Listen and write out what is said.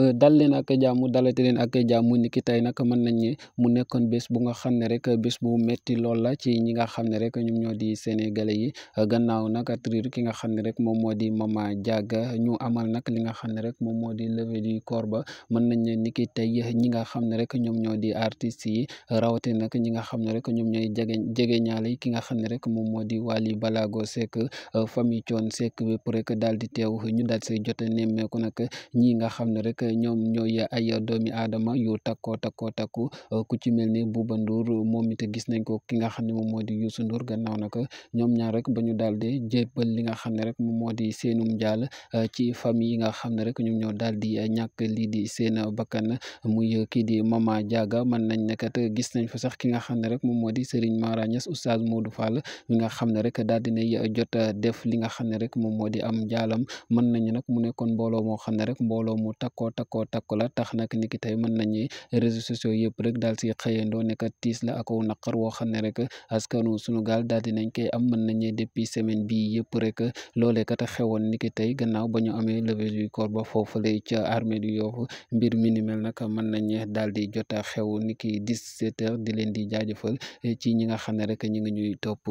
Euh, dal leen ak jàmm dalati leen ak jàmm ni ki tey nag mën nañ mu nekkoon bés bu nga xam ne rek bés bu metti lool la ci ñi nga xam ne rek ñoom ñoo di sénégalais yi euh, gannaaw nag trir ki nga xam ne rek moom moo di Mama Diaga ñu amal nag li nga xam ne rek moom moo di levée du corps ba mën nañ ne ni ki tey ñi nga xam ne rek ñoom ñoo di artistes yi rawatina nag ñi nga xam ne rek ñoom ñooy jege jege ñaale ki nga xam ne rek moom moo di Wally Balago Seck euh, famille Thione Seck bépp rek daal di teew ñu daal say jot a nemmeeku ñi nga xam ne rek ñoom ñooy ay doomi aadama yu takkoo takkoo takku uh, ku ci mel ni Bouba Ndour moom it gis nañ ko ki nga xam ne moom moo di Youssou Ndour gannaaw nag ñoom ñaar rek ba ñu daal di jébbal li nga xam ne rek moom moo di seenum jaal uh, ci famille yi nga xam ne rek ñoom ñoo daal di ñàkk lii di seen bakkan muy kii di Mama Diaga mën nañ ne kat gis nañ fa sax ki nga xam ne rek moom moo di Serigne Mara Niass Oustaz Modou Fall mi nga xam ne rek daal di nay jot def li nga xam ne rek moom moo di am jaalam mën nañ nag mu nekkoon mbooloo moo xam ne rek mbooloo mu takkoo takkoo takkoo takku la tax nag niki tey mën nañu réseaux sociaux yëpp rek dal si xëyandoo nekk tiis la ak naqar woo xam ne rek askanu sunu gaal daal dinañ koy am mën nañu depuis semaine bi yëpp rek loole kat xewoon niki tey gannaaw ba ñu amee levée du corps ba foofu lay ca armée du Yoff mbir mi ni mel nag mën nañu daal di jot a xew niki 17 heures di leen di jaajëfal ci ñi nga xam ne rek ñu ngi ñuy topp